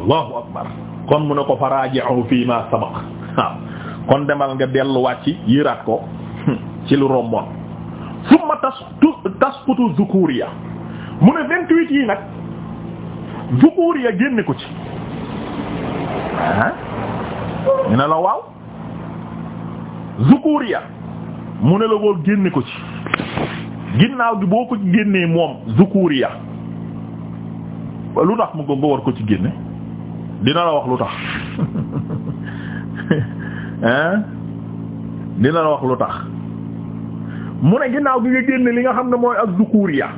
allahu akbar kon mu ne ko fa raji'u fii ma sabaq waaw kon demal nga delluwaat ci yëraat ko ci lu romboon summa tas tasputu zukuriya mu ne vingt-huit yi nag zukuriya génne ko ci ah ñu ne la waaw zukuriya mu ne la woo génne ko ci ginnaaw gi boo ko génnee moom zukuriya lu tax mu ko nga war ko ci génne dina la wax lu tax hein dina la wax lu tax mu ne ginnaaw gi nga génn li nga xam ne mooy ak zukuriya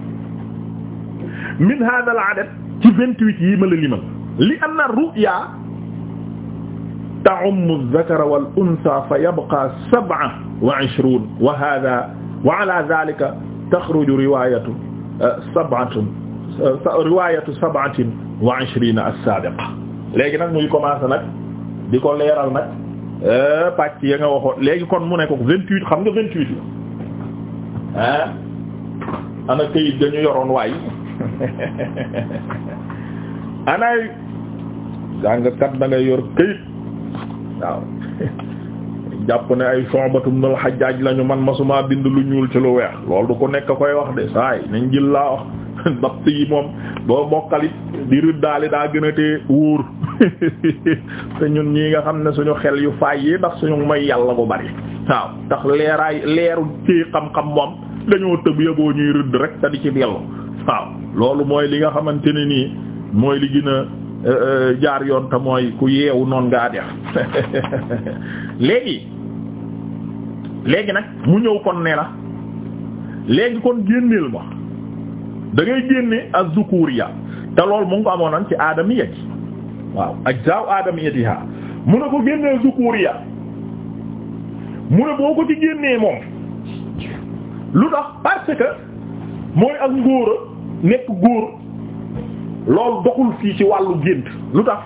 min hadha al adad ci vingt-huit yi ma la limal li anna ru'ya ta'ummu adh-dhakara wal untha fa yabqa sab'a wa 'ishrun wa hadha wa 'ala dhalika takhruju riwayatu eh, sab'atun eh, riwayatu sab'atin wa 'ishrina as-sabiqa léegi nag muy commencé nag di ko leeral nag euh, pàcc ya nga waxoo léegi kon mu ne ko vingt-huit xam nga vingt-huit la ah ana këyit dañu yoroon waay anaay jàngkat da ngay yor këyit waaw jàpp ne ay Shu'batum nal Hajjaj lañu man masuma bind lu ñuul ci lu weex loolu du ko nekk koy wax de saay nañ jël laa wax dapt yi moom boo mokkalit di rëddaale daa gën a tee wóor te ñun ñii nga xam ne suñu xel yu faay yi ndax suñu may yàlla bu bari waaw tax leeraay leeru ci xam-xam moom dañoo tëb yëgoo ñuy rëdd rek te di ci dellu waaw loolu mooy li nga xamante ne nii mooy li gën a eh, eh, jaar yoon te mooy ku yeewu noon ngaa def léegi léegi nag mu ñëw kon ne la léegi kon génneel ma da génne génne az ya te loolu mu ngi ko amoonan ci aadamiya ji waaw ajzaaw aadamiyatiha mu ne ko génnee zukuriya mu ne boo ko ci génnee moom lu tax parce que mooy ak ngóor nekk góor loolu doxul fii ci wàllu gént lu tax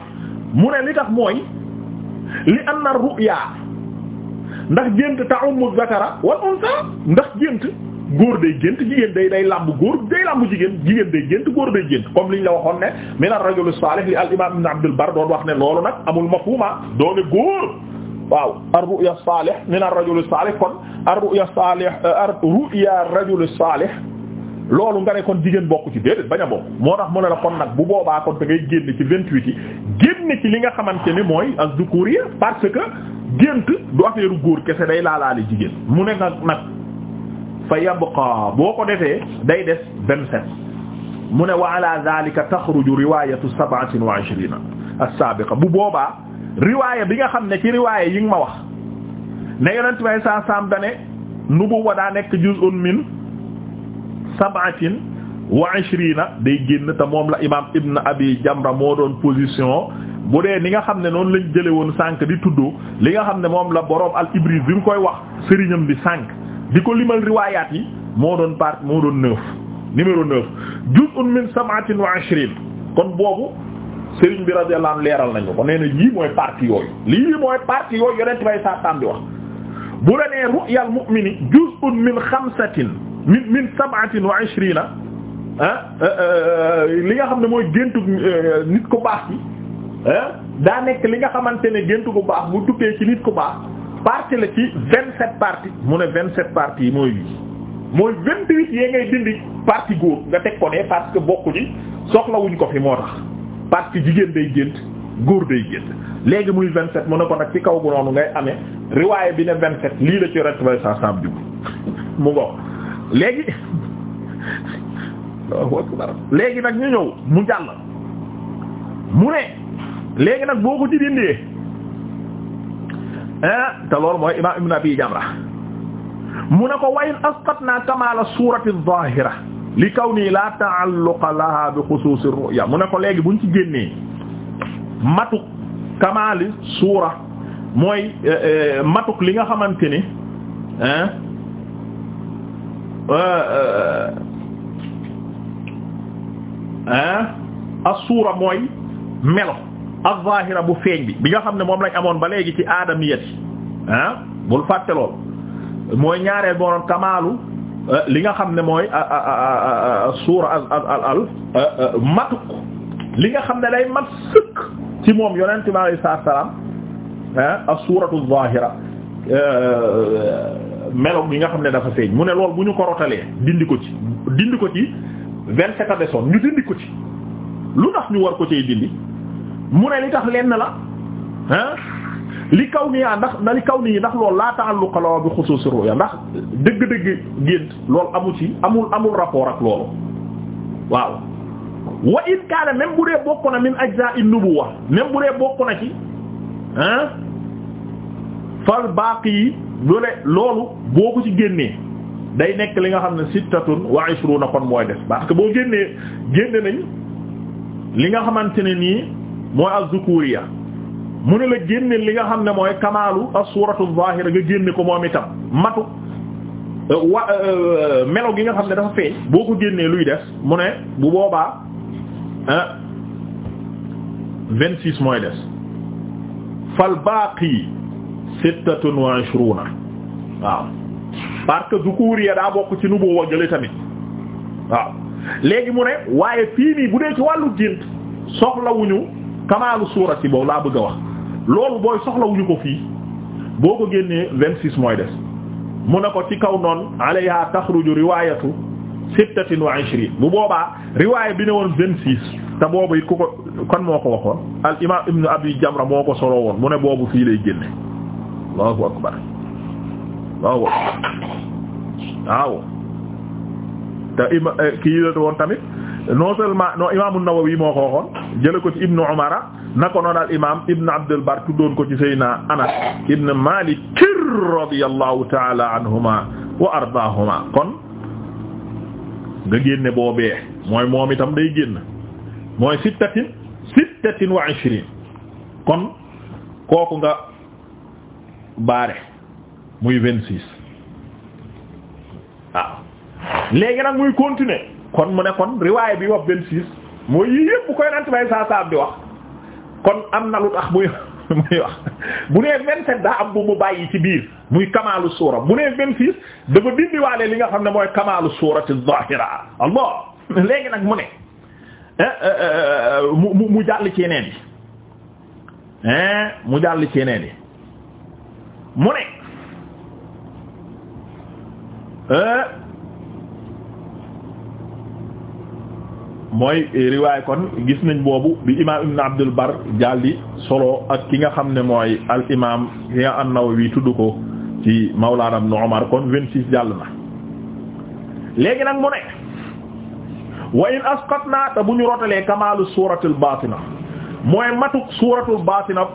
mu ne li tax mooy li anna ru'ya ndax gént ta'ummu zakara wal unsa ndax gént góor day gént jigéen day day làmb góor day làmb jigéen jigéen day gént góor day gént comme liñ la waxoon ne min ar-rajul salih li al imam ibn abdul bar doon wax ne loolu nag amul mafhuma doone góor waaw ar-ru'ya salih min ar-rajul salih kon ar-ru'ya salih euh, ar-ru'ya ar-rajul salih loolu nga ne kon jigéen bokk ci déedéet bañ a moo tax mu ne la kon nag bu boobaa kon da ngay génne ci vingt-huit yi génn ci li nga xamante ne mooy az-zukuriyya parce que gént du affaire góor kese day laalaale jigéen mu ne nag nag fa yabqa boo ko defee day des vingt mu ne wa ala zalika taxruju riwayatu sab'atin wa ishrina as-sabiqa bu boobaa riwaaya bi nga xam ne ci riwaaya yi nga ma wax ne yonent may saa saam dane nubuwa daa nekk juz'un min sab'atin wa ishrina day génn te moom la imam ibn abi jamra moo doon position bu dee ni nga xam ne noonu lañ jële woon sànq di tudd li nga xam ne moom la boroom al ibris bi nga koy wax sëriñam bi sànq di ko limal riwaayaat yi moo doon part moo doon neuf numéro neuf juz'un min sab'atin wa ashrin kon boobu sëriñ bi radiyallahu anhu leeral nañu ko nee na lii mooy partie yooyu lii mooy partie yooyu yonent bay saa tam di wax bu la nee ru'yal mu'mini juz'un min xamsatin min min sab'atin wa ashrina ah, ah, ah li nga xam ne mooy géntu eh, nit ku baax bi ah eh, daa nekk li nga xamante ne géntu ku baax bu tukkee ci nit ku baax partie la ci vingt-sept parties mu ne vingt-sept parties yi mooy lii mooy vingt-huit yee ngay dindi partie góor nga teg ko ne parce que bokku ci soxlawuñ ko fi moo tax parce que jigéen day gént góor day gént léegi muy vingt-sept mu ne ko nag ci kaw bu noonu ngay amee riwaaye bi ne vingt set lii la ci ret bay sa saab jub mu ngo léegi léegi nag ñu ñëw mu jàll mu ne léegi nag boo ko ci dindee Eh, te loolu mooy imam ibn abi jamra mu ne ko wa in asqatna kamala surati adh-dhahira li kawni la ta'alluqa laha bi xusuus ar-ru'ya mu ne ko léegi buñ ci génnee matuk kamali suura mooy eh, eh, matuk li nga xamante ni ah suura mooy melo az-zaahira bu feeñ bi bi nga xam ne moom lañ amoon ba léegi ci aadamiyat yi ah bul fàtte lool mooy ñaareel boo doon kamaalu euh, li nga xam ne mooy suura al al al euh, euh, matuk li nga xam ne day mat sëkk ci moom yonent bi alayhi salaam ah as-suuratu az-zaahira melo bi nga xam ne dafa feeñ mu ne lool bu ñu ko rotalee dindi ko ci dindi ko ci vingt-sept a ñu dindi ko ci lu tax ñu war ko cee dindi. mu ne li tax lenn la li kaw nii ah ndax li kaw nii ndax loolu laa ta'alluqa la bi xusuus ru'ya ndax dëgg-dëgg gént loolu amu ci amul amul rapport ak loolu waaw. wa in kaana même bu dee bokk na min ajzaa'i wa même bu dee bokk na ci ah fal baaqi yi doole loolu boo ko ci génnee day nekk li nga xam ne sittatun wa ishruna kon mooy des parce que boo génnee génne nañ li nga xamante ne nii. mooy ak zukuriya mu ne la génne li nga xam ne mooy kamaalu as-suuratu az-zaahira nga génne ko moom itam matu euh, wa euh, euh, melo gi nga xam ne dafa feeñ boo ko génnee luy des mu ne bu boobaa vingt six mooy des fal baaqi sittatun wa ishruna waaw parce que zukuriya daa bokk ci nubu jële tamit waaw léegi mu ne waaye fii nii bu dee ci wàllu gént soxlawuñu kamaalu suurati boobu laa bëgg a wax loolu booy soxlawuñu ko fii boo ko génnee vingt six mooy des mu ne ko ci kaw noonu alayha taxruju riwaayatu sittatin wa ishrin bu boobaa riwaaya bi ne woon te boobu it ku ko kon moo ko waxoon al imam ibnu abi jamra moo ko solo woon mu ne boobu fii lay génne allahu akbar allahu waaw te ima eh, kii la woon tamit non seulement non imaamu Nawawi moo ko waxoon jële ko ci ibnu umara na ko noon al imam ibnu abdul bar tuddoon ko ci sayna anas ibnu malik radiyallahu taala anhuma wa ardaahuma kon nga génne boobee mooy moom itam day génn mooy sittatin sittatin wa ishrin kon kooku nga baare muy vingt-six léegi nag muy continuer kon mu ne kon riwaay bi wax vingt mooy yii yëpp bu koy nant bay saa saab di wax kon am na lu tax muy muy wax bu nee vingt-sept daa am bu mu bàyyi ci biir muy kamaalu suura bu nee vingt-six dafa dindiwaale li nga xam ne mooy kamaalu suurati zahira allah léegi nag mu ne eh, eh, eh, mu mu jàll ci yeneen yi mu jàll ci yeneen yi mu ne mooy riwaay kon gis nañ boobu bi imaam ibn abdul bar jaldi solo ak ki nga xam ne mooy al imaam yi nga an-Nawawi tudd ko ci mawlaana ibn Umar kon vingt-six jàll na léegi nag mu ne wa in asqatna te bu ñu rotalee kamaalu suuratul baatina mooy matuk suuratul baatina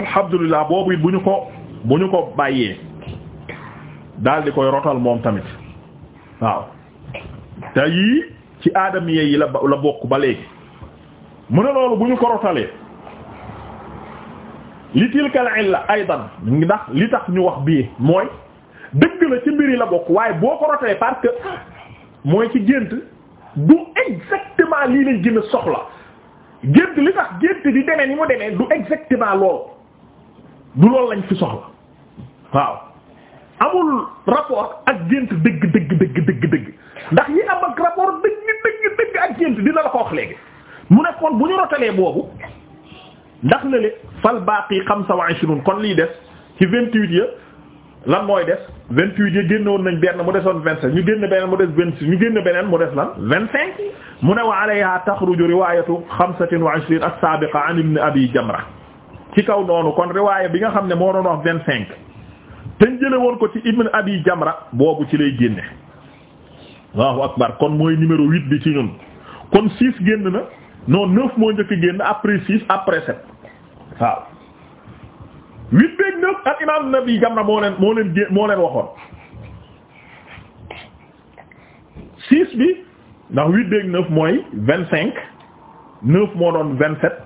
alhamdulillah boobu it bu ñu ko bu ñu ko bàyyee daal di koy rotal moom tamit waaw te yii ci aadam aadamiya yi la la bokk ba léegi mu ne loolu bu ñu ko rotalee li tilkal illa aydan ndax li tax ñu wax bii mooy dëgg la ci mbir yi la bokk waaye boo ko rotalee parce que mooy ci gént du exactement lii lañ gën a soxla gént li tax gént di demee ni mu demee du exactement loolu du loolu lañ fi soxla waaw amul rapport ak gént dëgg dëgg dëgg dëgg dëgg ndax yi am ak rapport dëgg ak gént dina la ko wax léegi mu ne kon bu ñu rotalee boobu ndax la le fal baaqi xamsa wa ishrun kon lii des ci vingt-huit ya lan mooy des vingt-huit ya génnoon nañ benn mu desoon vingt-sept ñu génn beneen mu des vingt-six ñu génn beneen mu des lan vingt-cinq mu ne wa alayha taxruju riwayatu xamsatin wa ishrin ak sabiqa an ibn abi jamra ci kaw noonu kon riwaaya bi nga xam ne moo doon wax vingt-cinq te jële woon ko ci ibn abi jamra boobu ci lay génne Allahu akbar kon mooy numéro huit bi ci ñun kon six génn na non neuf moo njëkk génn après six après sept waaw huit beeg neuf ak imaam Nabi Jamra moo leen moo leen gé moo leen waxoon six bi ndax huit beeg neuf mooy vingt cinq neuf moo doon vingt sept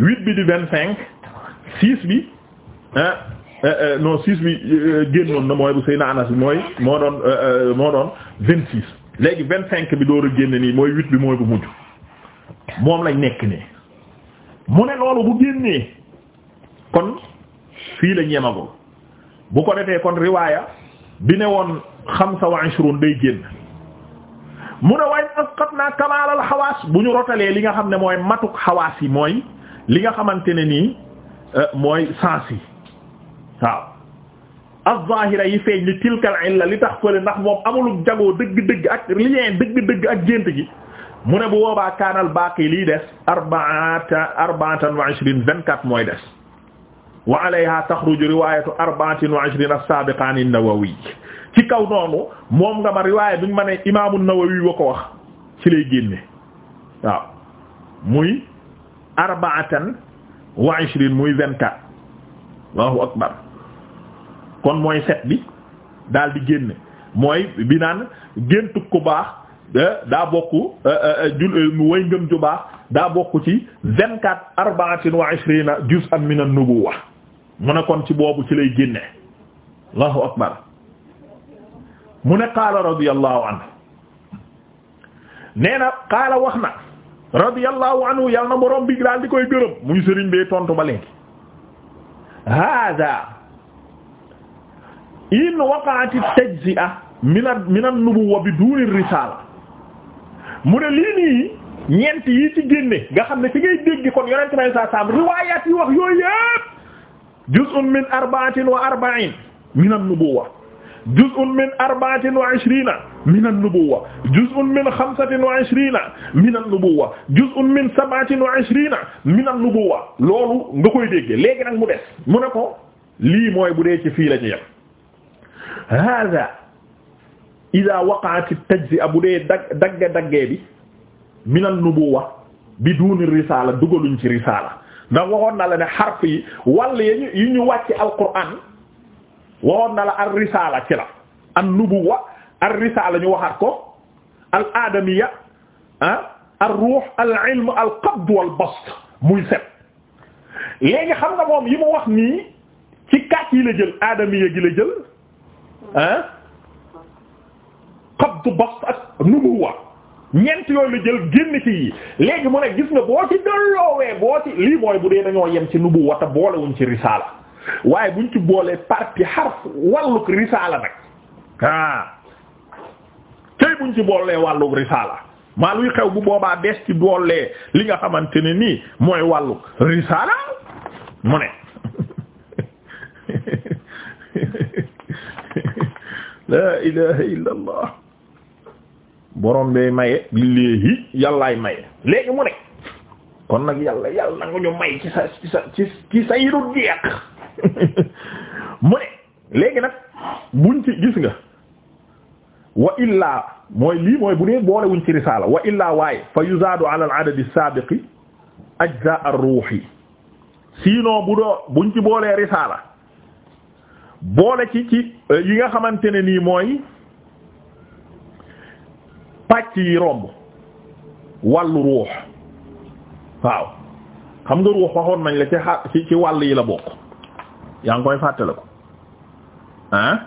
huit bi di vingt cinq six bi Eh, eh, no six bi eh, génnoon na mooy bu Seyna Anas bi mooy moo doon moo doon vingt six léegi vingt cinq bi door génn nii mooy wit bi mooy bu mujj moom lañ nekk nii mu ne loolu bu génnee kon fii la ñeemagul bu ko defee kon riwaaya bi ne woon xam wa ishrun day génn mu ne waañ asqat naa kamaalal xawaas bu ñu rotalee li nga xam ne mooy matuk xawaas yi mooy li nga xamante ne nii mooy sens yi waaw az-zahira yi feeñ li tilkal illa li tax fële ndax moom amulum jagoo dëgg-dëgg ak lien dëgg-dëgg ak gént gi mu ne bu boobaa kaanal baaqi liy des arbaata arbaatan wa ishrine vingt quatre mooy des wa alayha taxruju riwayatu arbaatin wa ishrine as-sabiqaan an-nawawi ci kaw noonu moom nga ma riwaaya bi ñu ma ne imaamu an-nawawi wa ko wax ci lay génne waaw muy arbaatan wa ishrine muy vingt quatre allahu akbar kon mooy set bi daal di génn mooy bi naan géntu ku baax eh, daa bokk eh, eh, jul way ngëm ju baax daa bokk ci vingt quatre arba'atin wa ishrina min an-nubuwah mu ne kon ci boobu ci lay génne allahu akbar mu ne qaala radiyallahu anhu nee na qaala wax na radiyallahu anhu yal na borom bi daal di koy gërëm muy sëriñ bee tontu ba léegi hada in waqaati tajzi'a min min an-nubuwwa bi duuni risaala mu de lii nii ñeent yi ci génne nga xam ne ci ngay dégg kon yonent may saa saam riwaayaat yi wax yooyu yépp juz'un min arba'atin wa arba'in min an-nubuwwa juz'un min arba'atin wa ishrina min an-nubuwwa juz'un min xamsatin wa ishrina min an-nubuwwa juz'un min sab'atin wa ishrina loolu nga koy dégg léegi nag mu des mu ne ko lii mooy bu dee ci fii la hada ida waqaati tajzi'a bu dee dag dagge daggee bi minal nubuwa bi duuni risaala dugaluñ ci risaala ndax waxoon na la ne xarf yi wàll yañu yi ñu wàcce alquran waxoon na la ar risaala ci la an nubuwa ar risaala ñu waxaat ko al aadamiya ah ar ruux al ilm al qabd wal bast muy set léegi xam nga moom yi mu wax nii ci kàcc yi la jël aadamiya gi la jël ah qabdu bast ak nubuwa ñeent yooyu la jël génn ci yi léegi mu ne gis nga boo ci dolloowee boo lii mooy bu dee dañoo yem ci nubuwa te boolewuñ ci risaala waaye buñ ci boolee partie xarf wàllug risaala nag ah tey buñ ci boole wàllug risaala maa luy xew bu boobaa des ci boole li nga xamante ne nii mooy wàllug risaala mu ne. la ilaha illa allah borom bay maye lillaahi yàllaay maye léegi mu ne kon nag yàlla yàlla nga ñu may ci sa ci sa ci ci sa yiru jeex mu ne léegi nag buñ ci gis nga wa illaa mooy lii mooy bu dee boole wuñ ci risaala wa illaa waaye fa yuzaadu ala al adadi saabiqi ajza ar ruuhi sinon bu doo buñ ci boolee risaala boole ci ci euh, yi nga xamante ne nii mooy pàcc yi romb wàllu ruux waaw xam nga ruux waxoon nañ la ci wàll yi la bokk yaa ngi koy fàttale ko ah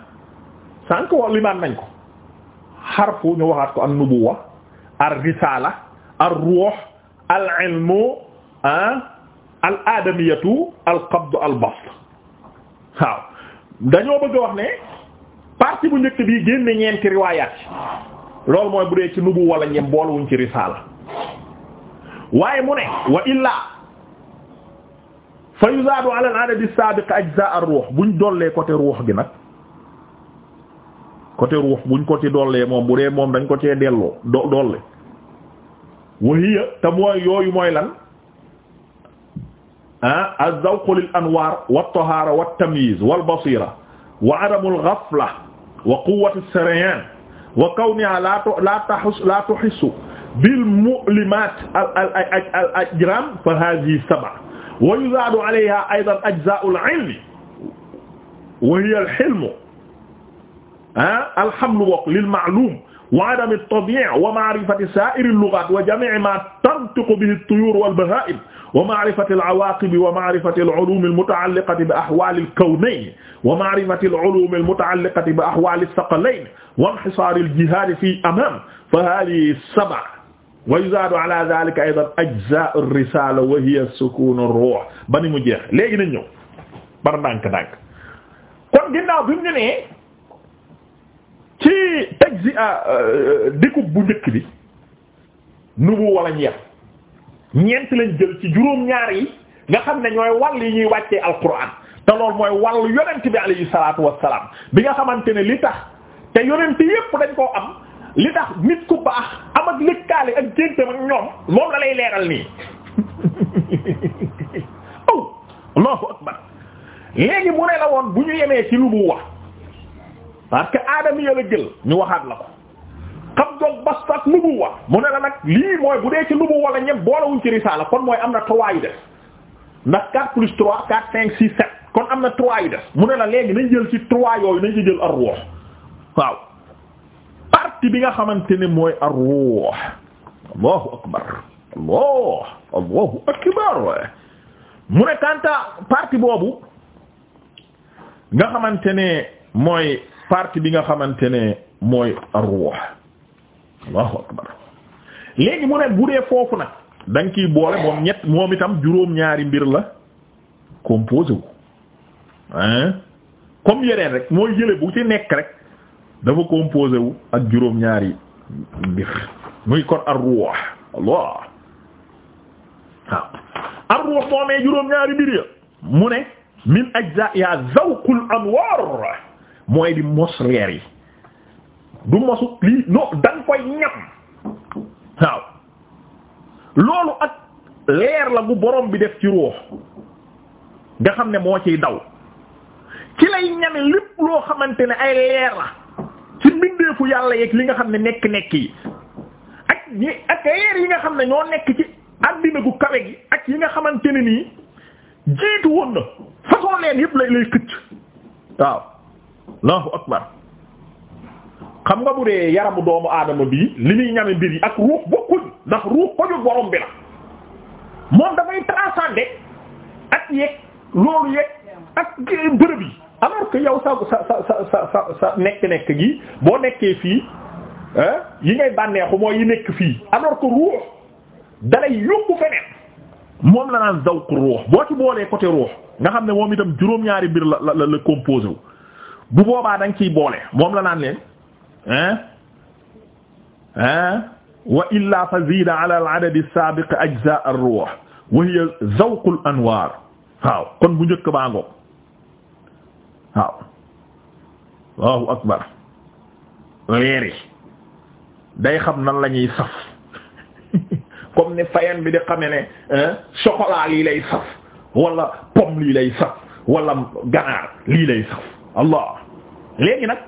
sànq wa limaan nañ ko xarfu ñu waxaat ko an nubuwa ar risala ar ruux al ilmu ah al adamiyatu al qabd al bast waaw dañoo bëgg a wax ne partie bu njëkk bii génne ñeenti riwaayaat yi loolu mooy bu dee ci nubu wala ñem wuñ ci risaala waaye mu ne wa illaa fa yuzaadu ala al-adad as-sabiq ajza ar-ruh buñ dollee côté ruux bi nag côté ruux buñ ko ci dollee moom bu dee moom dañ ko cee delloo do dolle wa te mooy yooyu mooy lan ah az-zawqu lil anwaar wat-tahaara wat-tamyiiz wal-basiira wa adamu al-ghafla wa quwwatu as-sarayaan wa kawnihaa laa tuhissu bil-mu'limaat al-ajraam fa haadhihi sab'a wa yuzaadu 'alayhaa aydan ajzaa'u al-'ilmi wa hiya al-hilmu ah al-hamlu lil-ma'luum wa 'adamu at-tabii'i wa ma'rifati saa'iri al-lughaat wa jamii' maa tantiqu bihi at-tuyuur wal-bahaa'im wa ma'rifati al-awaaqibi wa ma'rifati al-'uluumi al-muta'alliqati bi ahwaali al-kawnayni wa ma'rifati al-'uluumi al-muta'alliqati bi ahwaali ath-thaqalayni wa inhisaari al-jihaadi fii amaam fa haadihi sab'a wa yuzaadu 'alaa dhaalika aydan ajzaa'u ar-risaala wa hiya sukuunu ar-ruuh ba ni mu jeex léegi nañ ñëw bar ndànk-ndànk kon ginnaaw bi mu ñu nee ci tajziya ah, euh, euh, découpe bu njëkk bi nubu wala ñeex ñeent lañ jël ci juróom-ñaar yi nga xam ne ñooy wal yi ñuy wàccee alquran te loolu mooy wàllu yonent bi alayhi salaatu salaam bi nga xamante ne li tax te yonent yépp dañ koo am li tax nit ku baax am ak lëkkaale ak jéntam ak ñoom moom la lay leeral nii aw oh, allahu akbar léegi mu ne la woon bu ñu yemee ci lu bu wax parce que aadama yàlla jël ñu waxaat la ko xam doog basta ak nubuwa mu ne la nag lii mooy bu dee ci nubuwa la ñem boolewuñ ci risaala kon mooy am na trois yu des ndax 4 plus 3 4 5 6 7 kon am na trois yu des mu ne la léegi nañ jël si trois yooyu nañ ci jël ar-ruh waaw partie bi nga xamante ne mooy ar-ruh allahu akbar allah allahu akbar mu ne kanta partie boobu nga xamante ne mooy partie bi nga xamante ne mooy ar Allahu akbar léegi mu ne bu dee foofu nag da nga ciy boole moom ñett moom itam juróom-ñaari mbir la composé wu hein comme yeneen rek mooy jële bu ci nekk rek dafa composé wu ak juróom-ñaari mbir muy kon ar-ruh Allah waaw ar-ruh juróom-ñaari mbir ya mu ne min ajza ya zawqul anwar mooy di mos leer yi du mosu lii non da nga koy ñam waaw loolu ak leer la bu boroom bi def ci ruux nga xam ne moo ciy daw ci lay ñame lépp loo xamante ne ay leer la ci mbindeefu yàlla yeeg li nga xam ne nekk-nekk yi ak ñi yi nga xam ne ñoo nekk ci àddina gu kawe gi ak yi nga xamante ne nii jiitu woon na façon leen yëpp lay lay xëcc waaw allahu akbar xam nga bu dee yaramu doomu aadama bii li muy ñame mbir yi ak ruux bokkuñ ndax ruux koñu borom bi la moom dafay transcender ak yeeg loolu yeeg ak bërëb yi alors que yow sa sa sa sa sa sa nekk-nekk gi boo nekkee fii yi ngay bànneexu mooy yi nekk fii alors que ruux dalay yóbbu feneen moom la naan zawq ruux boo ci boolee côté ruux nga xam ne moom itam juróom-ñaari biir la la la composé bu boobaa dañ ciy boole moom la naan leen. hein hein wa illa fa zida ala al adad al sabiq ajza ar ruh wa hiya zawq al anwar waaw kon bu njëkk baa ngoog waaw allahu akbar weeri day xam nan la ñuy saf comme ni fayen bi di xame ne chocolat lii lay saf wala pomme lii lay saf wala ganaar lii lay saf allah léegi nag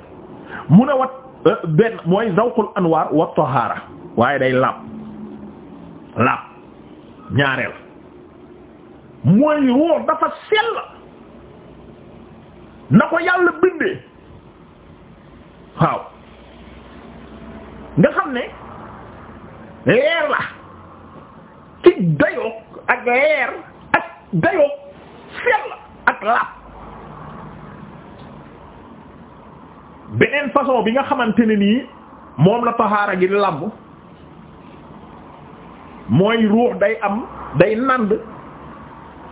mu ne wat benn mooy zawqul anwaar wa tahaara waaye day laab laab ñaareel mooy ruux dafa sell na ko yàlla bindee waaw nga xam ne leer la ci dayoog ak leer ak dayoog sell ak laab beneen façon bi nga xamante ne nii moom la taxaara gi di làmb mooy ruux day am day nand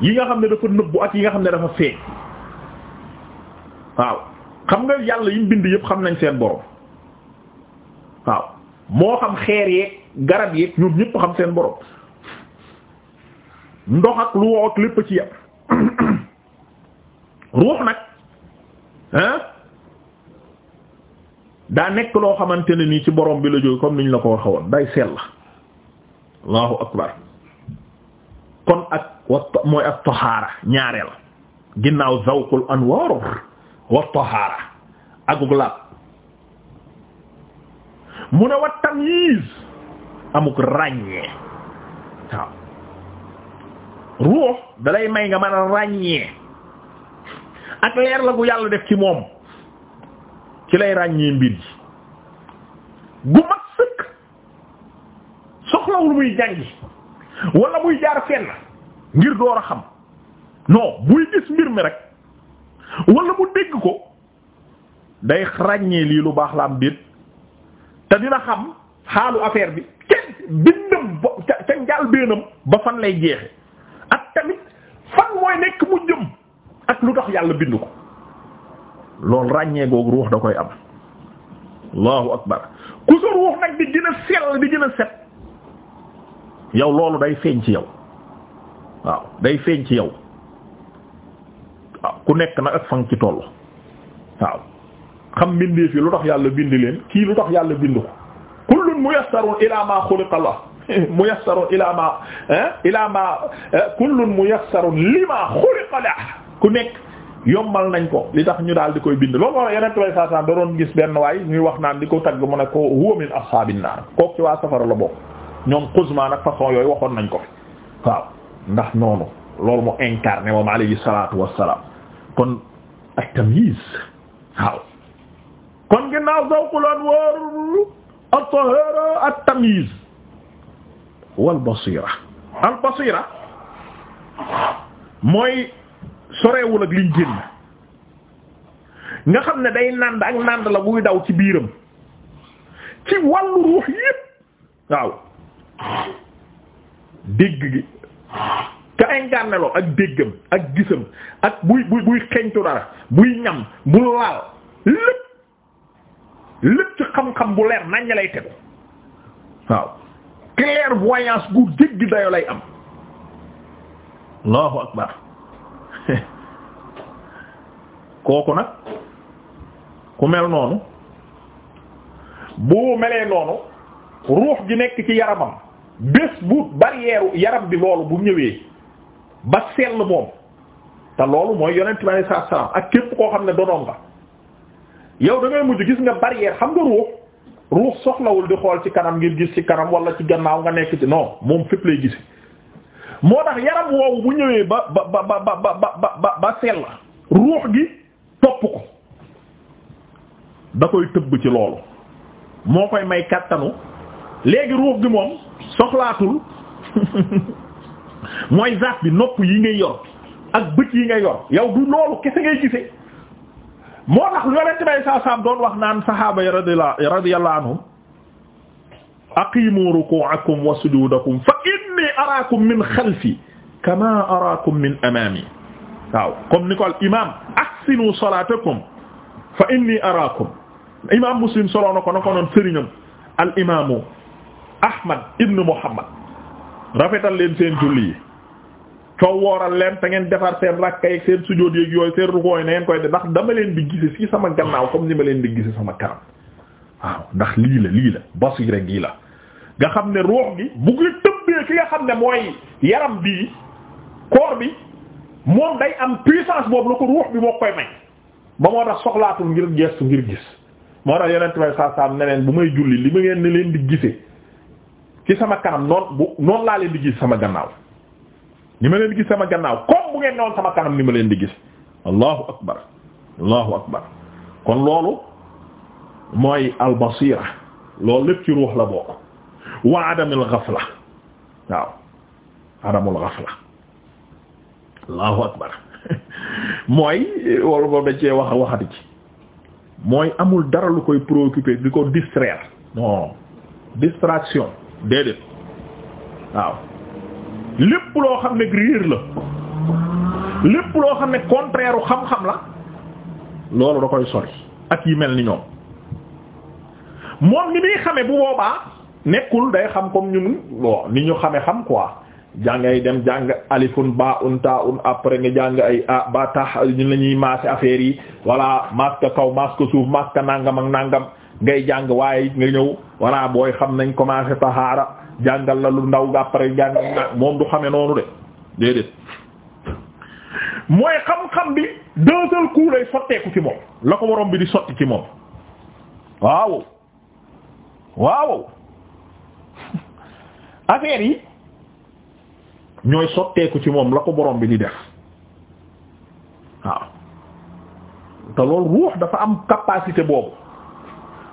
yi nga xam ne dafa nëbbu ak yi nga xam ne dafa feeñ waaw xam nga yàlla yi mu bind yëpp xam nañ seen borom waaw moo xam xeer yeeg garab yeeg ñoom ñëpp xam seen borom ndox ak lu wow ak lépp ci yam ruux nag hein daa nekk loo xamante ne nii ci borom bi la jóge comme niñ la ko waxe woon day sell allahu akbar kon ak wa mooy ak tahaara ñaareel ginnaaw zawqul anwar wa tahaara akuk laab mu ne wa tamyiz amuk ràññee ruux dalay may nga mën ràññee ak leer la gu yàlla def ci moom ci lay ràññee mbir ji gu sëkk soxlawul muy jàngi wala muy jaar fenn ngir door a xam non buy gis mbir mi rek wala mu dégg ko day ràññee lii lu baax la am déet te dina xam xaalu affaire bi kenn bindam ca ca njaal beenam ba fan lay jeexe ak tamit fan mooy nekk mu ak lu tax yàlla bind ko loolu ràññee googu ruux da koy am allahu akbar ku sa ruux nag di gën a set yow loolu day feeñ ci yow waaw day feeñ ci yow ku nekk na ak fan ci toll waaw xam mbindeef yi lu tax yàlla bind leen kii lu tax yàlla bind ko kullun muyassarun ila ma xuliqa la muyassarun ila ma ila ma eh, kullun muyassarun lima la ku nekk yombal nañ ko li tax ñu daal di koy bind loolu wala yeneen way saasan da doon gis benn waay ñuy wax naan di ko tagg mu ne ko huwa min ashabin naar kook ci waa safara la bokk ñoom Quzman ak façon yooyu waxoon nañ ko fi waaw ndax noonu loolu mu incarné moom alayhi salatu wassalam kon ak tamyiz waaw kon ginnaaw zawquloon wóor at-tahara at-tamyiz wal basira al basira mooy sorewul ak liñ génn nga xam ne day nànd ak nànd la buy daw ci biiram ci wàllu ruux yépp waaw dégg gi ka incarnéloo ak déggam ak gisam ak buy buy buy dara buy ñam bu laal lépp lépp ci xam-xam bu leer nañ lay tegu waaw clairvoyance gu dégg dayo lay am allahu akbar kooku nag ku mel noonu bu melee noonu ruux gi nekk ci yaramam bés bu barrière yaram bi loolu bu ñëwee ba sell moom te loolu mooy yonent bi alei salaatu salaam ak képp koo xam ne donoon nga yow da ngay mujj gis nga barrière xam nga ruux ruux soxlawul di xool ci kanam ngir gis ci kanam wala ci gannaaw nga nekk ci non moom fépp lay gis moo tax yaram woowu bu ñëwee ba ba ba ba ba ba ba ba sell ruux gi topp ko da koy tëbb ci loolu moo koy may kàttanu léegi ruux gi moom soxlaatul mooy zaat bi nopp yi ngay yor ak bët yi ngay yor yow du loolu kese ngay gisee moo tax yolente bay saa saam doon wax naan sahaaba yi radiyallahu anhum aqimu ruku'akum wa sujudakum fa inni araakum min xalfi kama araakum min amaami waaw comme ni ko al imam ahsinu salaatakum fa inni araakum imam muslim soloo na ko na ko noon sëriñam al imamu ahmad ibnu muhammad rafetal leen seen julli yi coow wooral leen te ngeen defar seen rakka yeeg seen sujóot yeeg yooyu seen rukooy na ngeen koy def ndax dama leen di gise ci sama gannaaw comme ni ma leen di gise sama kanam waaw ndax lii la lii la basiira gii la nga xam ne ruux gi bu tëbbee ki nga xam ne mooy yaram bii corps bi moom day am puissance boobu la ko ruux bi moo koy may ba moo tax soxlaatul ngir gestu ngir gis moo tax yonent bay saa saam bu may julli li ma ngeen ne leen di gisee ci sama kanam noon bu noon laa leen di gis sama gannaaw ni ma leen di gis sama gannaaw comme bu ngeen noon sama kanam li ma leen di gis allahu akbar allahu akbar kon loolu mooy albasira loolu lépp ci ruux la bokk waa adamul ghafla waaw adamul ghafla allahu akbar mooy wala boobu dañ cee wax waxati ci mooy amul dara lu koy préoccuper di ko distraire non distraction déedéet waaw lépp loo xam ne riir la lépp loo xam ne contraire xam-xam la loolu da koy sori ak yi mel ni ñoom moom ni muy xame bu boobaa nekkul day xam comme ñun bon ni ñu xame xam quoi jàng ay dem jàng alifun ba un ta un après nga jàng ay ah ba tax ñun la ñuy maase affaire yi voilà masque kaw masque suuf masque nangam ak nangam ngay jàng waaye nga ñëw voilà booy xam nañ commencé taxaara jàngal la lu ndaw après jàng moom du xame noonu de déedéet mooy xam-xam bi deux seul coup lay sotteeku ci moom la ko borom bi di sotti ci moom waaw waaw affaire yi ñooy sotteeku ci moom la ko borom bi di def waaw te loolu ruux dafa am capacité boobu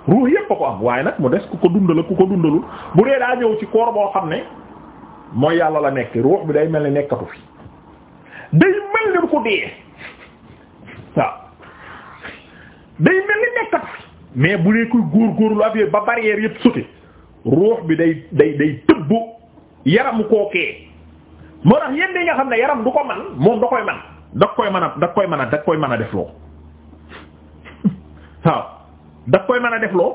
ruux yépp a ko am waaye nag mu des ku ko dundal ku ko dundalul bu dee daa ñëw ci koor boo xam ne mooy yàlla la nekk ruux bi day mel ni nekkatu fi day mel ni bu ko dee waaw day mel ni nekkatu fi mais bu dee kuy góor lu affaire ba barrière yépp suti ruux bi day day day tëbb yaramu kookee moo tax yenn yi nga xam ne yaram du ko man moom da koy man da koy mën a da koy mën a da koy mën a def loo waaw koy mën a def loo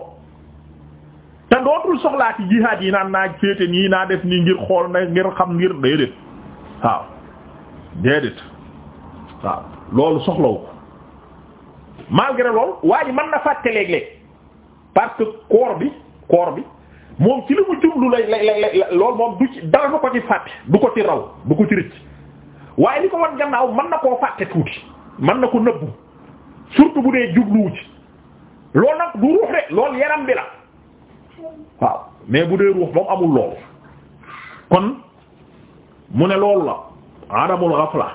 te dootul soxlaati jihaad yi naan naa féete nii naa nii ngir xool na ngir xam ngir déedéet waaw déedéet waaw loolu soxlawu ko malgré loolu waa mën na fàtte léeg-léeg parce que corps bi corps bi moom ci li mu jublu lay lay lay loolu moom du ci dara du ko ci fàtte du ko ci raw du ko ci rëcc waaye li ko wan gannaaw man na koo fàtte tuuti man na ko nëbbu surtout bu dee jubluwu ci lool nag du ruux rek loolu yaram bi la waaw mais bu dee ruux moom amul loolu kon mu ne loolu la adamul ghafla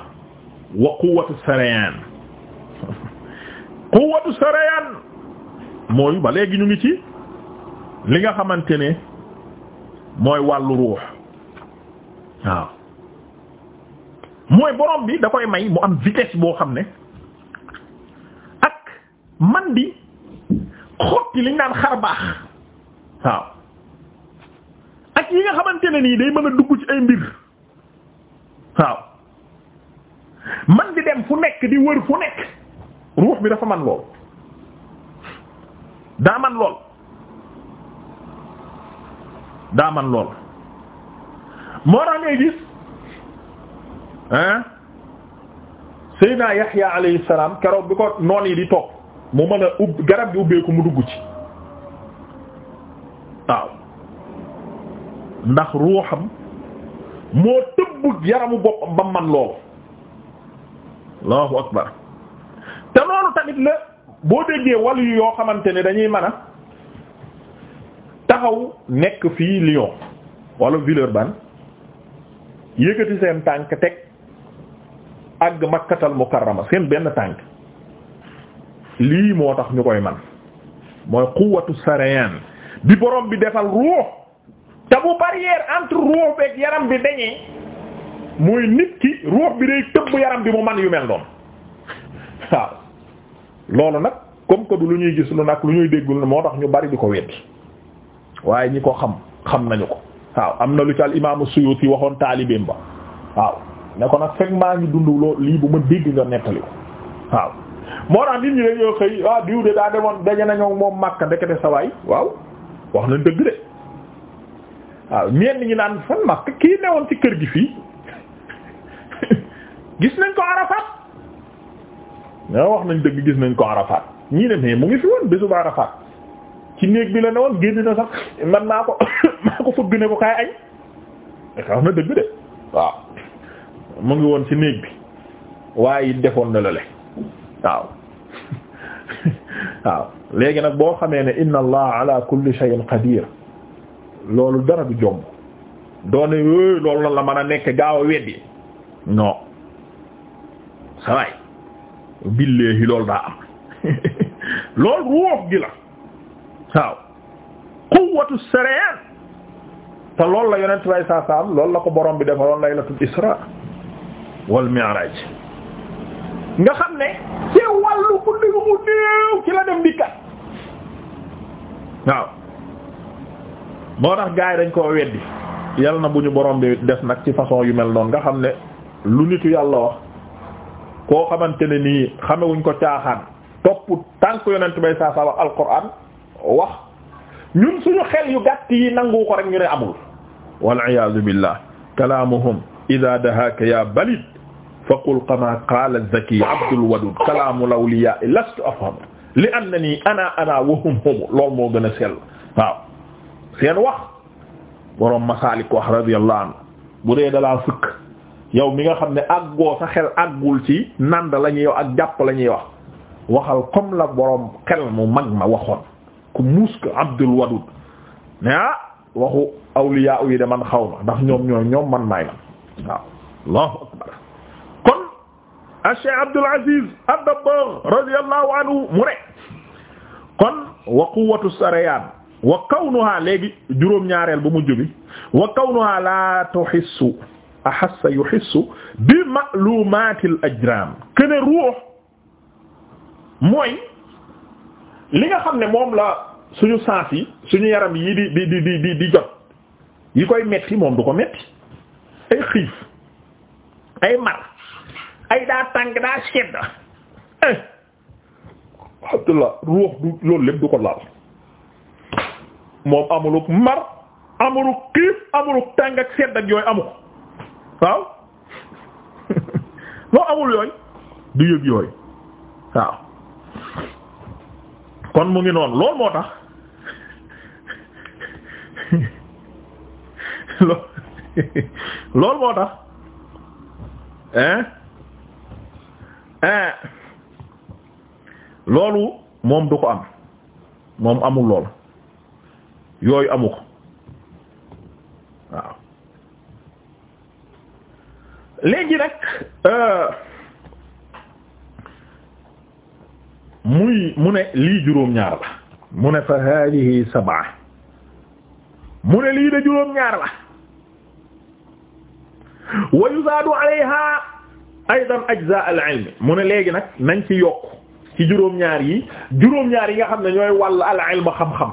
wa quwwatu sarayan quwwatu sarayan mooy ba léegi ñu ngi ci li nga xamante ne mooy wàllu ruux waaw mooy borom bi da koy may mu am vitesse boo xam ne ak man di xotti li ñu naan xar baax waaw ak yi nga xamante ne nii day mën a dugg ci ay mbir waaw man di dem fu nekk di wër fu nekk ruux bi dafa man lool daa man lool daa man lool moo tax ngay gis ah Seydina Yahya alayhi salaam keroog bi ko noon yi di toog mu mën a ub garab bi ubbeeku mu dugg ci waaw ndax ruuxam moo tëbb yaramu boppam ba man loolu allahu akbar te noonu tamit la boo déggee wàllu yoo xamante ne dañuy mën taxaw nekk fii Lyon wala Villeurbanne yëkkati seen tànk teg àgg Makkatal Mukarrama seen benn tànk lii moo tax ñu koy man mooy quwwatu sarayaan bi borom bi defal ruux te bu barrière entre ruux beek yaram bi dañee mooy nit ki ruux bi day tëbb yaram bi mu man yu mel noonu waaw loolu nag comme que lu ñuy gis lu nag lu ñuy déggul moo tax ñu bari di ko weddi waaye ñi ko xam xam nañu ko waaw am na lu ci al imaamu Suyuti waxoon taalibeem ba waaw ne ko nag fekk maa ngi dund loo lii bu ma dégg nga nettali ko waaw moo tax nit dañoo xëy ah de daa demoon daje nañoo moom Makka ndekete sa waay waaw wax nañ dëgg de waaw ñenn ñi naan fan Makka kii newoon ci kër gi fii gis nañ ko Arafat ñoo wax nañ dëgg gis nañ ko Arafat ñii ne mais mu ngi fi woon bésu Arafat ci néeg bi la ne woon génn na sax man maa ko maa ko fëgg ne ko kaay añ wax na dëgg de waaw mu ngi woon ci néeg bi waaye defoon la le waaw waaw nag boo xamee ne inna allah ala kulli shay'in qadir loolu dara du jomb doone yooyu la la mën a nekk gaaw a weddi non saway billahi loolu daa am loolu ruux gi la waaw quwwatu sariyaan te loolu la yonent bay saa saam loolu la ko boroom bi defaloon laylatul isra wal mi'raj nga xam ne ci wàllu guddi gu mu néew ci la dem dikkat waaw moo tax gars yi dañ koo weddi yal na bu ñu borom bi def nag ci façon yu mel noonu nga xam ne lu nitu yàlla wax koo xamante ne nii xamewuñ ko caaxaan topp tànk yonent bay saa saam ak alquran wax ñun suñu xel yu gàtt yi nangu ko rek ñu ne amul wal iyaazu billah kalaamuhum ida dahaaka ya balid faqul kama qaala zaki abdul wadud kalaamu lawliya lastu afhamu li annani ana ana wa hum hum lool moo gën a sell waaw seen wax boroom masaalik wax radiyallahu anhu bu dee dalaa mi nga xam ne àggoo sa xel àggul ci nanda la ñuy wax ak jàpp la ñuy wax waxal comme la boroom xel mu mag ma ku muus ko Abdul Wadud ne ah waxu awliya yi de man xaw ma ndax ñoom ñooy ñoom man maay la waaw Allahu akbar kon ah, Cheikh Abdul Aziz ad-Dabbagh radiyallahu anhu mu ne kon wa quwwatu sarayaan wa kawnuha léegi juróom-ñaareel bu mujj bi wa kawnuha la tuhissu ahassa yuhissu bi ma'lumatil ajram kene ruux mooy li nga xam ne moom la suñu sens yi suñu yaram yi di di di di di jot yi koy metti moom du ko metti ay xiif ay mar ay daa tàng daa sedd eh, ko laal moom amuluk mar amuluk xiif amuluk tàng ak sedd waaw moo amul yooyu du yëg yooyu waaw kon mu ngi noonu lool moo tax loolu moo tax hein hein loolu moom du ko am moom amul lool yooyu amu ko waaw léegi nag euh, muy mu ne lii juróom-ñaar la mu ne fa hadihi sab'a mu ne lii de juróom-ñaar la wa yuzaadu alayha aydan ajza al ilm mu ne léegi nag nañ ci yokk ci juróom-ñaar yi juróom-ñaar yi nga xam ne ñooy wàll al ilm xam-xam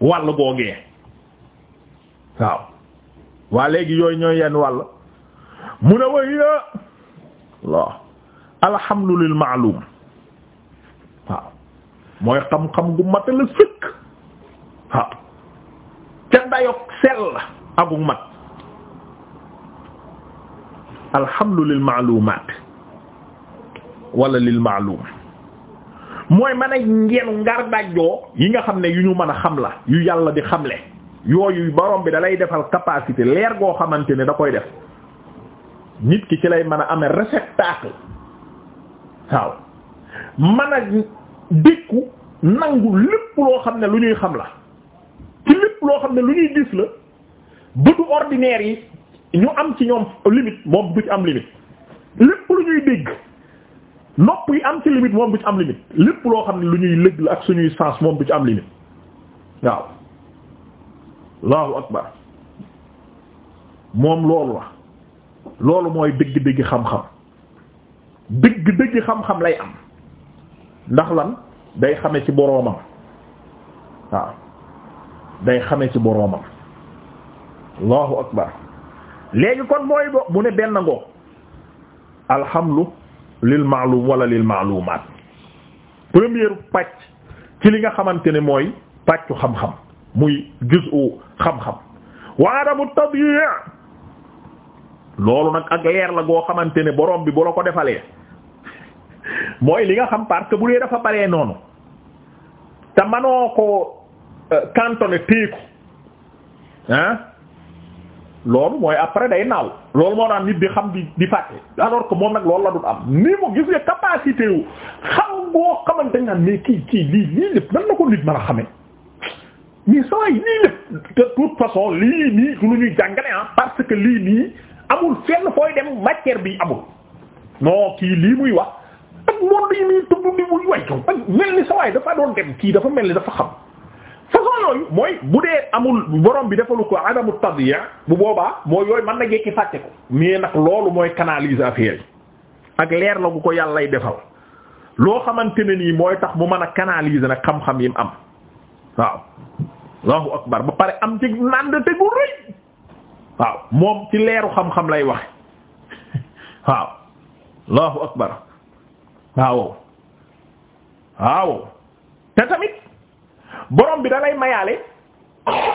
wàll googee waaw waa léegi yooyu ñooy yenn wàll mu ne wa Allah alhamdu ma'lum mooy xam-xam gu mat la sëkk waaw ca dayoog sell agu mat alhamdu lil maalumaat wala lil maalum mooy mën a ngeen ngar dajjoo yi nga xam ne yu ñu mën a xam la yu yàlla di xamle yooyu borom bi da lay defal capacité leer goo xamante ne da koy def nit ki ci lay mën a amee réceptacle waaw mën a dékku nangu lépp loo xam ne lu ñuy xam la ci lépp loo xam ne lu ñuy gis la bëtu ordinaire yi ñu am ci ñoom limite moom du ci am limite lépp lu ñuy dégg nopp yi am ci limite moom bu ci am limite lépp loo xam ne lu ñuy lëg la ak suñuy sens moom bu ci am limite waaw allahu akbar moom loolu la loolu mooy dëgg-dëgg xam-xam dëgg-dëgg xam-xam lay am ndax lan day xame ci boroomam waaw day xame ci boroomam allahu akbar léegi kon mooy bo mu ne benn ngoo alxamlu lil maalum wala lil maalumaat première pàcc ci li nga xamante ne mooy pàccu xam-xam muy juzu xam-xam wa adamu tadyi' loolu nag ak leer la goo xamante ne borom bi bu la ko defalee mooy li nga xam parce que bu dee dafa baree noonu te manoo ko euh, cantonné téye ko ah loolu mooy après day naaw loolu moo naan nit di xam di di fàtte alors que moom nag loolu la dul am ni mu gis nga capacité wu xam boo xamante ne mais kii kii lii lii lépp nan na ko nit mën a xamee mais saa yi lii lépp de toute façon lii nii du lu ñuy jàngale ah parce que lii nii amul fenn fooy dem matière bi amul non kii lii muy wax. ak monde yi muy tudd di muy way mel ni sa dafa doon dem kii dafa mel ni dafa xam façon yooyu mooy bu dee amul borom bi defalu ko adamu tadiya bu boobaa moo yooyu man na jekki fàtte ko mais nag loolu mooy canaliser affaire yi ak leer la gu ko yàllay defal loo xamante ne nii mooy tax mu mën a canaliser nag xam-xam yi mu am waaw allahu akbar ba pare am ci nànd te gu rëy waaw moom ci leeru xam-xam lay waxe waaw allahu akbar waaw waaw te tamit borom bi da lay mayaale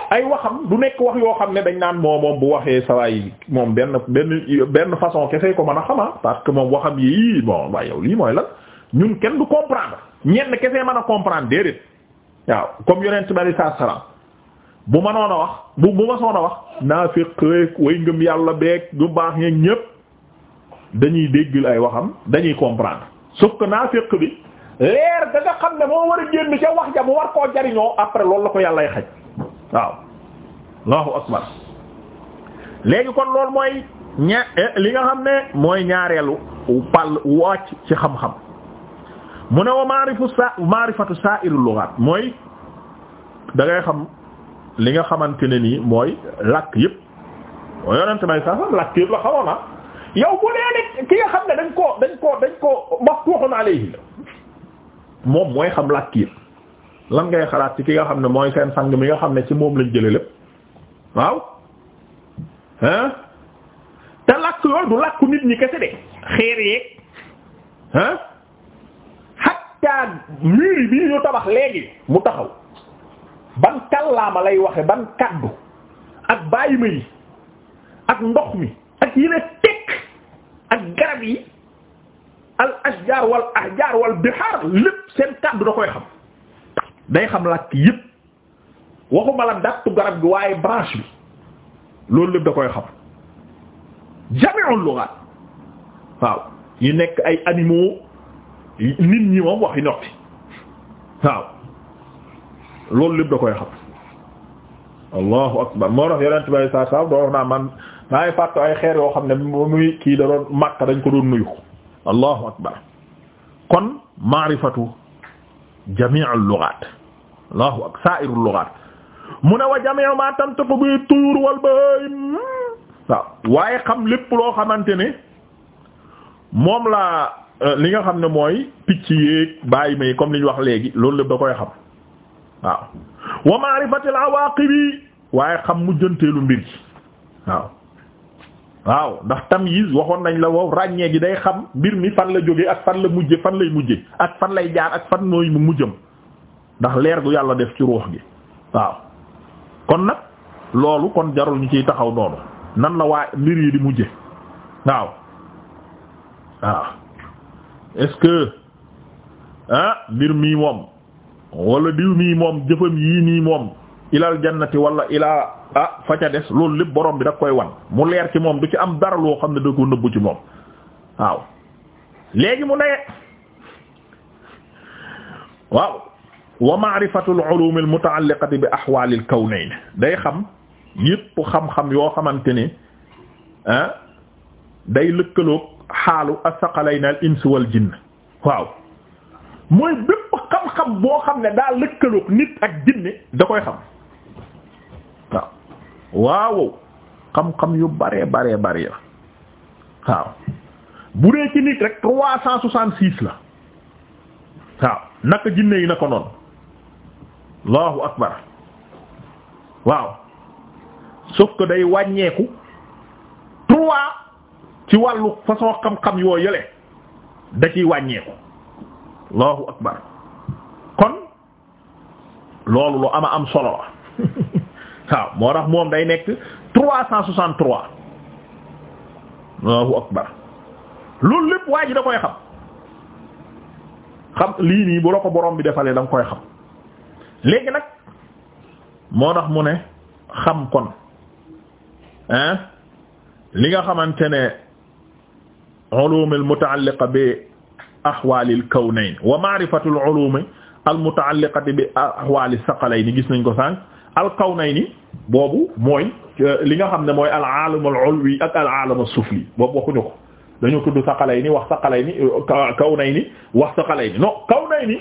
ay waxam du nekk wax yoo xam ne dañ naan moo moom bu waxee sawaay moom benn benn benn façon kese ko mën a xama parce que moom waxam yi bon waaye yow lii mooy lan ñun kenn du comprendre ñenn kese mën a comprendre déedéet waaw comme yonent bi alayhi salaam bu mënoon a wax bu bu mësoon a wax naafiq way ngëm yàlla beeg du baax ñeeg ñépp dañuy déggul ay waxam dañuy comprendre sauf que naafiq bi leer da xam ne moo war a génn ca wax ja mu war koo jariñoo après loolu la ko yàllay xaj waaw allahu akbar léegi kon loolu mooy ña eh, li nga xam ne mooy ñaareelu pal wàcc ci xam-xam mu ne wa maarifu sa maarifatu sa'iru lughat mooy dangay ngay xam li nga xamante ne nii mooy làkk yëpp yonente may sa làkk yëpp la xamoon na ah. yow bu leen ki nga xam ne dañ koo dañ koo dañ koo maftuhun alayhi la moom mooy xam làkkiir lan ngay xalaat ci ki nga xam ne mooy seen sang mi nga xam ne ci moom lañ jële lépp waaw hein te làkk ñi kese de xeer yeeg hein bii ñu tabax léegi mu taxaw ban kàllaama lay waxe ban kaddu ak bàyyi ma yi ak ndox mi ak yi ne tekk ak garab yi al ashjar wal ahjar wal bihar lépp seen kàddu da koy xam day xam làkk yépp waxuma la dattu garab gi waaye branche bi loolu lépp da koy xam jami'ul lughat waaw yi nekk ay animaux nit ñi moom wax yi noppi waaw loolu lépp da koy xam allahu akbar moo tax yeneen tubaab yi saa saa doo wax naa man maa ngi ay xeer yoo xam ne moo muy kii da doon Makka dañ ko doon nuyu allahu akbar kon maarifatu jami'ul lughat allahu akbar sa'irul lughat mu ne wa jami'u ma tantiqu bi tur wal bahim waaw waaye xam lépp loo xamante ne moom la euh, li nga xam ne mooy picc yéeg bàyyi may comme li wax léegi loolu lépp da koy xam waaw wa ma'rifatil awaqibi waaye xam mujjanteelu mbir ci waaw waaw ndax tam tamyiz waxoon nañ la wow ràññee gi day xam mbir mi fan la jógee ak fan la mujje fan lay mujje ak fan lay jaar ak fan nooy mu mujjam ndax leer gu yàlla def ci ruux gi waaw kon nag loolu kon jaruñu ci taxaw noonu nan la waa mbir yi di mujje waaw waaw est-ce que ah mbir mii moom walla diw mii moom jëfam yii nii moom ilal jannati wala ilaa ah des loolu lépp borom bi da koy wan mu leer ci moom du ci am dara loo xam ne da ko nëbbu ci moom waaw léegi mu ne waaw wa ma'rifatu al-ulum al-muta'alliqati bi ahwal al-kawnayn day xam yépp xam-xam yoo xamante ni ah, day lëkkaloog xaalu as-saqalayn al-ins wal-jinn waaw mooy bépp xam-xam boo xam ne daa lëkkaloog nit ak jinne da koy xam waaw xam-xam yu bare bare bare la waaw bu dee ci nit rek trois soixante six la waaw naka jinne yi na ko noonu allahu akbar waaw sauf que day wàññeeku trois ci wàllu façon xam-xam yoo yële da ciy wàññeeku allahu akbar kon loolu lu ama am solo la waaw moo tax moom day nekk trois cent soixante trois Allahu akbar loolu lépp waa da koy xam xam lii nii bu la ko boroom bi defalee da nga koy xam léegi nag moo tax mu ne xam kon hein li nga xamante ne ulum al muta'alliqa bi ahwal al kawnayn wa ma'rifatu al ulum al muta'alliqa bi ahwal al thaqalayn gis nañ ko sànq alkawnayni boobu mooy euh, li nga xam ne mooy al aalam al wi ak al aalam al sufli boobu waxuñu ko dañu tudd saqalayni wax sa saqalayni euh, kawnayni wax saqalayni non kawnayni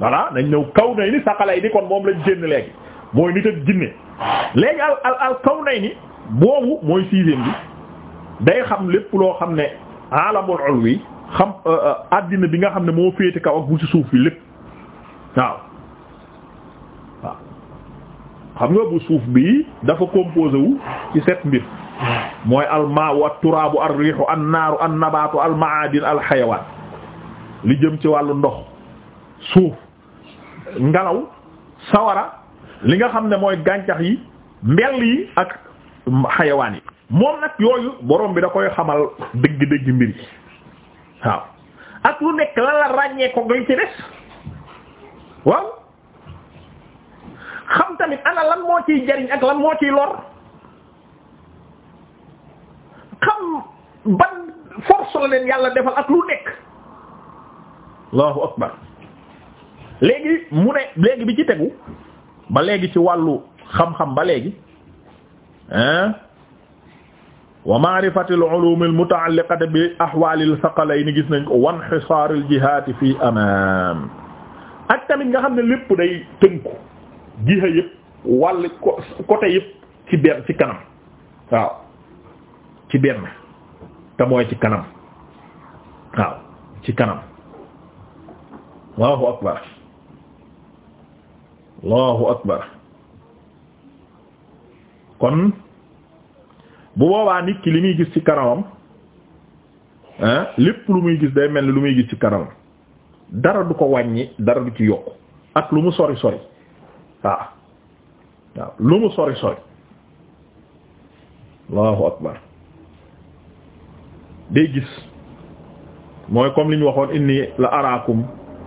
voilà nañ ñëw kawnayni saqalayni kon moom lañ génn léegi mooy nit ak jinne léegi al al al kawnayni boobu mooy sixième bi day xam lépp loo xam ne aalamul wi xam euh, addina bi nga xam ne moo féete kaw ak bu ci suuf bi lépp waaw xam nga bu suuf bi dafa composé wu ci sept mbir mooy almaawu at turaabu ar riixu an naaru an nabaatu al maadin al xayawaan li jëm ci wàllu ndox suuf ngelaw sawara li nga xam ne mooy gàncax yi mbell yi ak xayawaan yi moom nag yooyu borom bi da koy xamal dëgg-dëgg mbir yi waaw ak lu nekk la ràññee ko ngay ci des waaw xam tamit ana lan moo ciy jariñ ak lan moo ciy lor xam ban force la leen yàlla defal ak lu nekk allahu akbar léegi mu ne léegi bi ci tegu ba léegi ci wàllu xam-xam ba léegi hein wa ma'rifati al-ulum al-muta'alliqati bi ahwal al-thaqalayn gis nañ ko wan hisar al-jihati fi amam ak tamit nga xam ne lépp day tënku jiha yëpp wàll côté yëpp ci benn ci kanam waaw ci benn te mooy ci kanam waaw ci kanam allahu bu boobaa nit li muy gis ci kanamam ah lépp lu muy gis day mel ni lu muy gis ci kanamam dara du ko wàññi dara du ci yokk ak lu mu sori sori waaw lu mu sori sori allahu akbar day gis mooy comme li ñu waxoon inni la araakum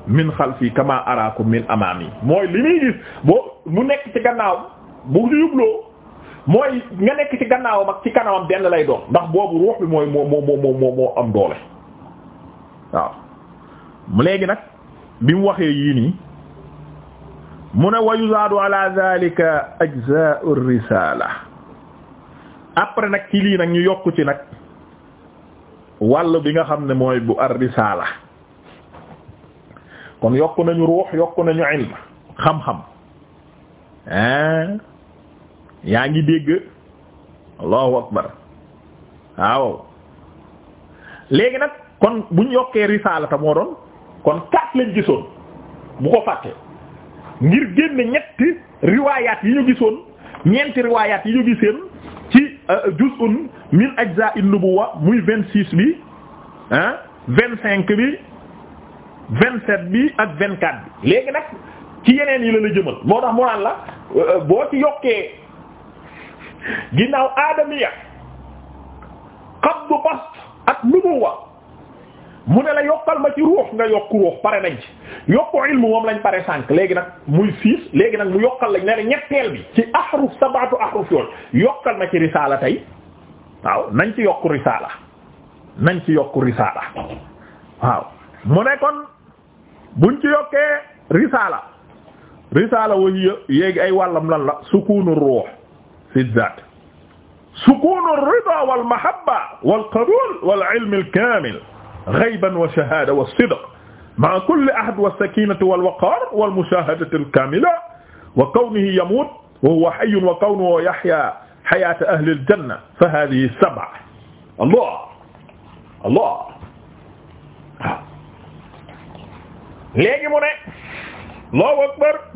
min xalfi kama araakum min amaami mooy li muy gis boo mu nekk ci gannaaw bu yubloo mooy nga nekk ci gannaawam ak ci kanamam benn lay doon ndax boobu ruux bi mooy moo moo moo moo moo am doole waaw léegi nag bi mu waxee yii nii mu ne wa yuzaadu ala zalika ajza'u risala après nag ci lii nag ñu yokku ci nag wàll bi nga xam ne mooy bu ar risala kon yokku nañu ruux yokku nañu ilm xam-xam yaa ngi dégg allahu akbar waaw léegi nag kon buñ yokkee risala moo doon kon kat lañ gisoon bu ko fàtte ngir génne ñetti riwaayaat yi ñu gisoon ñeenti riwaayaat yi ñu giseen ci euh, juz'un min ajza'in nubuwa muy vingt six bi ah vingt cinq bi vingt sept bi ak vingt quatre bi léegi nag ci yeneen yi la la jëmal moo tax mu la euh, boo ci yokkee ginnaaw aadamiya qabdu bast ak nubuwa mu ne la yokkal ma ci ruux nga yokk ruux pare nañ ci yokku ilmu lañ pare sànq léegi nag mu siis léegi nag mu yokkal lañ ne ñetteel bi ci ahruf sabatu ahruf yoon yokkal ma ci risaala tey waaw nañ ci yokku risaala nañ ci yokku risaala mu ne kon buñ ci yokkee rsala risaala wa hiya yéegi ay wàllam lan la sukunu ruux fi zaat sukunu rida wal mahabba wal qabul wal ilm al kaamil ghayban wa shahada wa sidq ma'a kulli ahad wa sakinatu wal waqar wal mushahadati al kamila wa kawnihi yamut wa huwa hayyun wa kawnuhu yahya hayata ahli al janna fa hadhihi sab'a allah allah léegi mu ne Allahu akbar